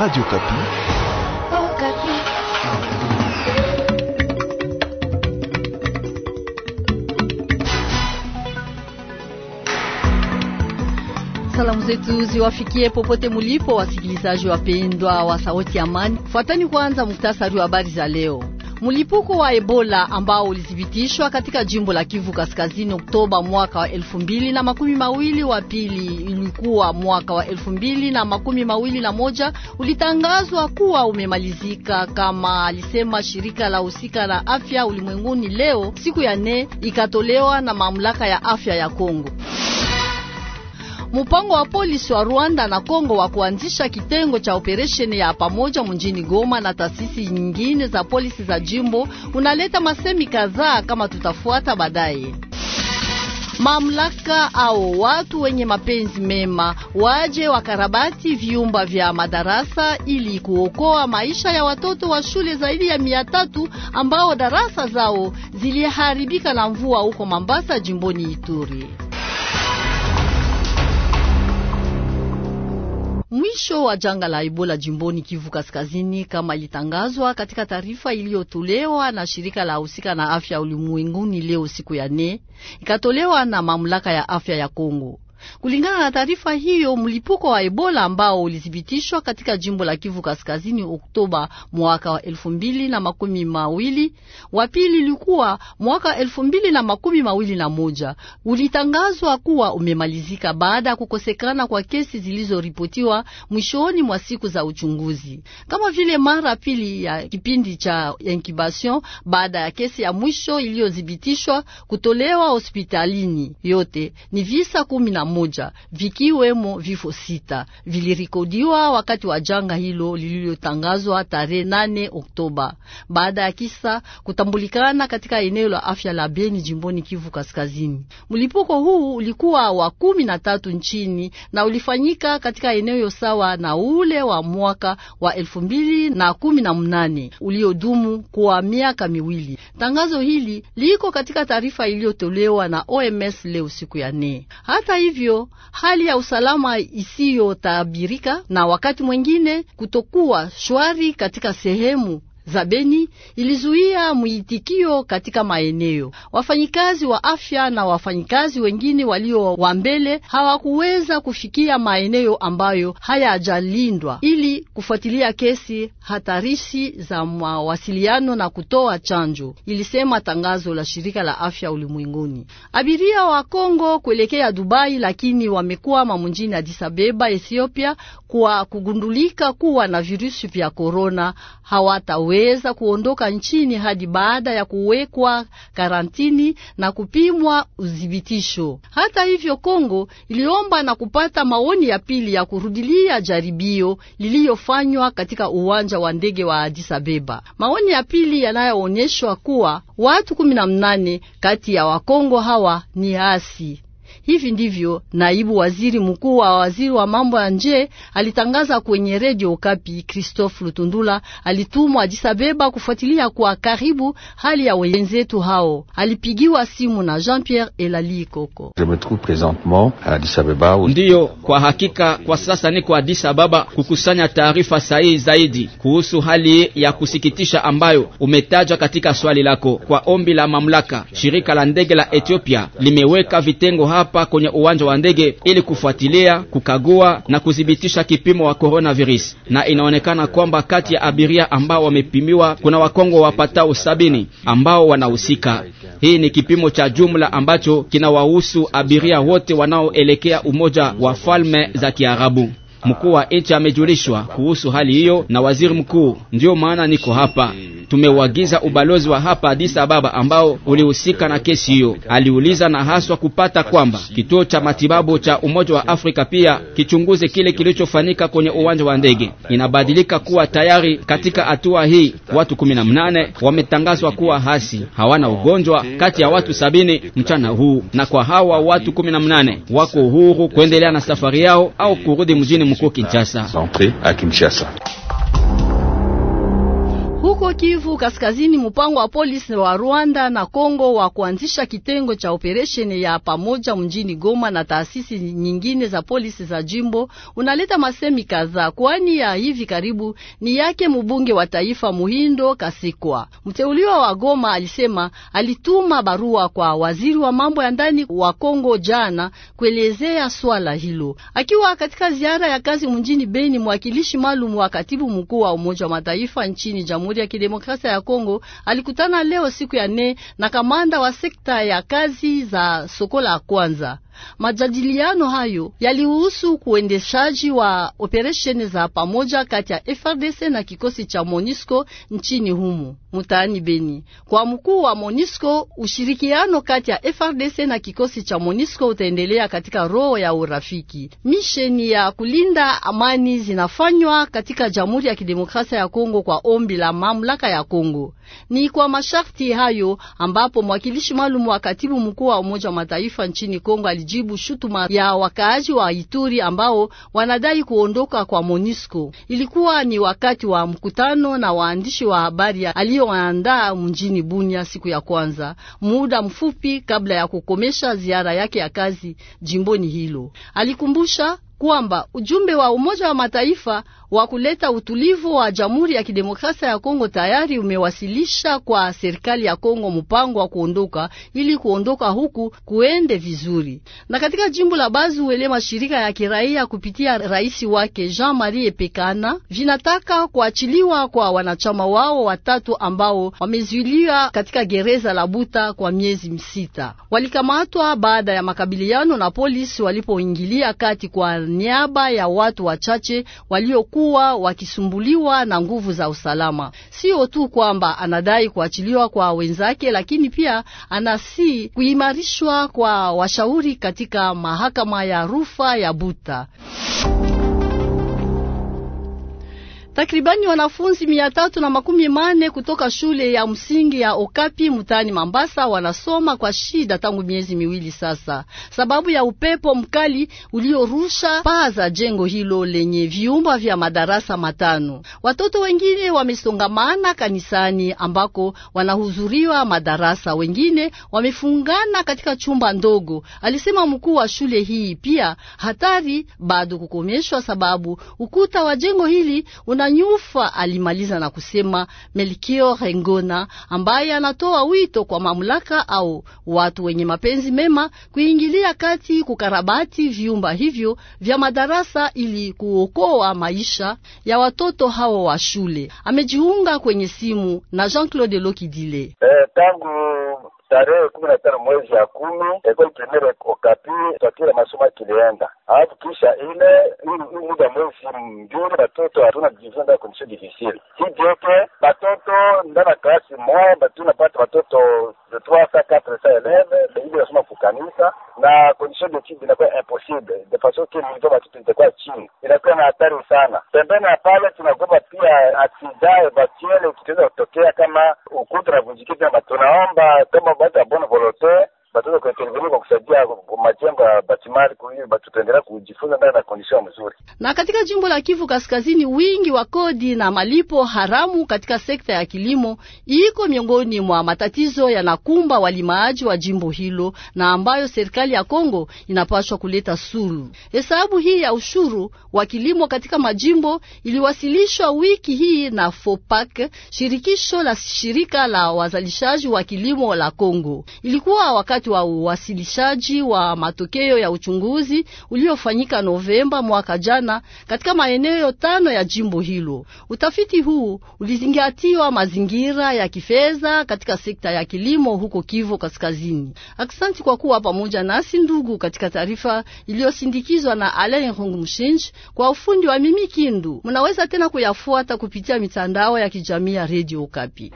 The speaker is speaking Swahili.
Radio Kapi. Oh, Kapi. Salamu zetu ziwafikie popote mulipo, wasikilizaji wapendwa wa Sauti ya Amani. Fuatani kwanza muktasari wa habari za leo. Mlipuko wa Ebola ambao ulithibitishwa katika jimbo la Kivu Kaskazini Oktoba mwaka wa elfu mbili na makumi mawili wa pili ilikuwa mwaka wa elfu mbili na makumi mawili na moja ulitangazwa kuwa umemalizika, kama alisema shirika la husika la afya ulimwenguni leo, siku ya nne, ikatolewa na mamlaka ya afya ya Kongo. Mupango wa polisi wa Rwanda na Kongo wa kuanzisha kitengo cha operesheni ya pamoja mjini Goma na taasisi nyingine za polisi za jimbo unaleta masemi kadhaa kama tutafuata baadaye. Mamlaka au watu wenye mapenzi mema waje wakarabati vyumba vya madarasa ili kuokoa maisha ya watoto wa shule zaidi ya mia tatu ambao darasa zao ziliharibika na mvua huko Mambasa, jimboni Ituri. mwisho wa janga la Ebola jimboni Kivu Kaskazini kama ilitangazwa katika taarifa iliyotolewa na shirika la husika na afya ulimwenguni leo siku ya nne, ikatolewa na mamlaka ya afya ya Kongo. Kulingana na taarifa hiyo, mlipuko wa Ebola ambao ulithibitishwa katika jimbo la Kivu Kaskazini Oktoba mwaka wa elfu mbili na makumi mawili, wa pili ulikuwa mwaka wa elfu mbili na makumi mawili na moja, ulitangazwa kuwa umemalizika baada ya kukosekana kwa kesi zilizoripotiwa mwishoni mwa siku za uchunguzi, kama vile mara pili ya kipindi cha incubation baada ya kesi ya mwisho iliyothibitishwa kutolewa hospitalini. Yote ni visa kumi na moja vikiwemo vifo sita vilirikodiwa wakati wa janga hilo lililotangazwa tarehe 8 Oktoba, baada ya kisa kutambulikana katika eneo la afya la Beni jimboni Kivu Kaskazini. Mlipuko huu ulikuwa wa kumi na tatu nchini na ulifanyika katika eneo sawa na ule wa mwaka wa elfu mbili na kumi na mnane uliodumu kwa miaka miwili. Tangazo hili liko katika taarifa iliyotolewa na OMS leo siku ya nne. Hata hivyo hivyo hali ya usalama isiyotabirika na wakati mwingine kutokuwa shwari katika sehemu za Beni ilizuia mwitikio katika maeneo. Wafanyikazi wa afya na wafanyikazi wengine walio wa mbele hawakuweza kufikia maeneo ambayo hayajalindwa ili kufuatilia kesi hatarishi za mawasiliano na kutoa chanjo, ilisema tangazo la shirika la afya ulimwenguni. Abiria wa Kongo kuelekea Dubai, lakini wamekwama mjini Addis Abeba, Ethiopia, kwa kugundulika kuwa na virusi vya korona hawatawe wanaweza kuondoka nchini hadi baada ya kuwekwa karantini na kupimwa udhibitisho. Hata hivyo, Kongo iliomba na kupata maoni ya pili ya kurudilia jaribio liliyofanywa katika uwanja wa ndege wa Addis maoni ya pili yanayoonyeshwa kuwa watu mnane kati ya Wakongo hawa ni hasi Hivi ndivyo naibu waziri mkuu wa waziri wa mambo ya nje alitangaza kwenye redio Okapi. Christophe Lutundula alitumwa Adisabeba kufuatilia kwa karibu hali ya wenzetu hao. Alipigiwa simu na Jean Pierre Elali Koko. Ndiyo, kwa hakika kwa sasa niko Addis Ababa kukusanya taarifa sahihi zaidi kuhusu hali ya kusikitisha ambayo umetaja katika swali lako. Kwa ombi la mamlaka, shirika la ndege la Ethiopia limeweka vitengo hao hapa kwenye uwanja wa ndege ili kufuatilia, kukagua na kudhibitisha kipimo wa coronavirus, na inaonekana kwamba kati ya abiria ambao wamepimiwa kuna Wakongo wapatao sabini ambao wanahusika. Hii ni kipimo cha jumla ambacho kinawahusu abiria wote wanaoelekea Umoja wa Falme za Kiarabu. Mkuu wa nchi amejulishwa kuhusu hali hiyo na waziri mkuu, ndiyo maana niko hapa. Tumewagiza ubalozi wa hapa Addis Ababa ambao ulihusika na kesi hiyo, aliuliza na haswa kupata kwamba kituo cha matibabu cha Umoja wa Afrika pia kichunguze kile kilichofanyika kwenye uwanja wa ndege. Inabadilika kuwa tayari katika hatua hii watu 18 wametangazwa kuwa hasi, hawana ugonjwa kati ya watu sabini mchana huu, na kwa hawa watu 18 wako huru kuendelea na safari yao au kurudi mjini mko Kinshasa. Huko Kivu Kaskazini, mpango wa polisi wa Rwanda na Kongo wa kuanzisha kitengo cha operesheni ya pamoja mjini Goma na taasisi nyingine za polisi za jimbo unaleta masemi kadhaa, kwani ya hivi karibu ni yake mbunge wa taifa Muhindo Kasikwa. Mteuliwa wa Goma alisema alituma barua kwa waziri wa mambo ya ndani wa Kongo jana kuelezea swala hilo. Akiwa katika ziara ya kazi mjini Beni, mwakilishi maalum wa katibu mkuu wa Umoja wa Mataifa nchini Jamhuri ya Kidemokrasia ya Kongo alikutana leo siku ya nne na kamanda wa sekta ya kazi za Sokola kwanza. Majadiliano hayo yalihusu kuendeshaji wa operesheni za pamoja kati ya FRDC na kikosi cha MONUSCO nchini humu mtaani Beni. Kwa mkuu wa MONUSCO, ushirikiano kati ya frdc na kikosi cha MONUSCO utaendelea katika roho ya urafiki. Misheni ya kulinda amani zinafanywa katika Jamhuri ya Kidemokrasia ya Kongo kwa ombi la mamlaka ya Kongo. Ni kwa masharti hayo ambapo mwakilishi maalum wa katibu mkuu wa Umoja wa Mataifa nchini Kongo alijibu shutuma ya wakaaji wa Ituri ambao wanadai kuondoka kwa Monisco. Ilikuwa ni wakati wa mkutano na waandishi wa habari aliyoandaa mjini Bunia siku ya kwanza, muda mfupi kabla ya kukomesha ziara yake ya kazi jimboni hilo. Alikumbusha kwamba ujumbe wa Umoja wa Mataifa wa kuleta utulivu wa Jamhuri ya Kidemokrasia ya Kongo tayari umewasilisha kwa serikali ya Kongo mpango wa kuondoka ili kuondoka huku kuende vizuri. Na katika jimbo la bazu wele mashirika ya kiraia kupitia rais wake Jean-Marie Pekana vinataka kuachiliwa kwa wanachama wao watatu ambao wamezuiliwa katika gereza la Buta kwa miezi msita. Walikamatwa baada ya makabiliano na polisi walipoingilia kati kwa niaba ya watu wachache waliokuwa wakisumbuliwa na nguvu za usalama. Sio tu kwamba anadai kuachiliwa kwa wenzake, lakini pia anasi kuimarishwa kwa washauri katika mahakama ya rufaa ya Buta. Takribani wanafunzi mia tatu na makumi mane kutoka shule ya msingi ya Okapi mtaani Mambasa wanasoma kwa shida tangu miezi miwili sasa, sababu ya upepo mkali uliorusha paa za jengo hilo lenye vyumba vya madarasa matano. Watoto wengine wamesongamana kanisani ambako wanahudhuriwa madarasa, wengine wamefungana katika chumba ndogo, alisema mkuu wa shule hii. Pia hatari bado kukomeshwa, sababu ukuta wa jengo hili una Nyufa alimaliza na kusema Melkio Rengona ambaye anatoa wito kwa mamlaka au watu wenye mapenzi mema kuingilia kati kukarabati vyumba hivyo vya madarasa ili kuokoa maisha ya watoto hao wa shule. Amejiunga kwenye simu na Jean-Claude Lokidile. Eh, tangu tarehe kumi na tano mwezi ya kumi ekole primere Okapi twakila masomo akilienda, alafu kisha ile muda mwezi mbili batoto hatuna kujifunza kondisio difficile hidioke batoto ndana klasi moya batunapata batoto de trois sa quatre sa eleve beili nasoma kukanisa na kondisio detide inakuwa impossible de façon ke nivo batoto itakuwa chini, inakuwa na hatari sana. Pembeni ya pale tunagoba pia bat yale ukitaweza kutokea, kama ukuta unavunjikika, tunaomba kama baadhi ya bon volontaire batoto kuendelea kwa kusaidia majengo ya batimari kuli tutaendelea kujifunza ndani ya kondisio mzuri. Na katika jimbo la Kivu Kaskazini, wingi wa kodi na malipo haramu katika sekta ya kilimo iko miongoni mwa matatizo yanakumba walimaji wa jimbo hilo na ambayo serikali ya Kongo inapaswa kuleta sulu Hesabu hii ya ushuru wa kilimo katika majimbo iliwasilishwa wiki hii na FOPAK, shirikisho la shirika la wazalishaji wa kilimo la Kongo. Ilikuwa wakati wakati wa uwasilishaji wa matokeo ya uchunguzi uliofanyika Novemba mwaka jana katika maeneo tano ya jimbo hilo. Utafiti huu ulizingatiwa mazingira ya kifedha katika sekta ya kilimo huko Kivu Kaskazini. Aksanti kwa kuwa pamoja nasi ndugu, katika taarifa iliyosindikizwa na Alain Rungumshinji kwa ufundi wa Mimi Kindu. Munaweza tena kuyafuata kupitia mitandao ya kijamii ya Radio Kapi.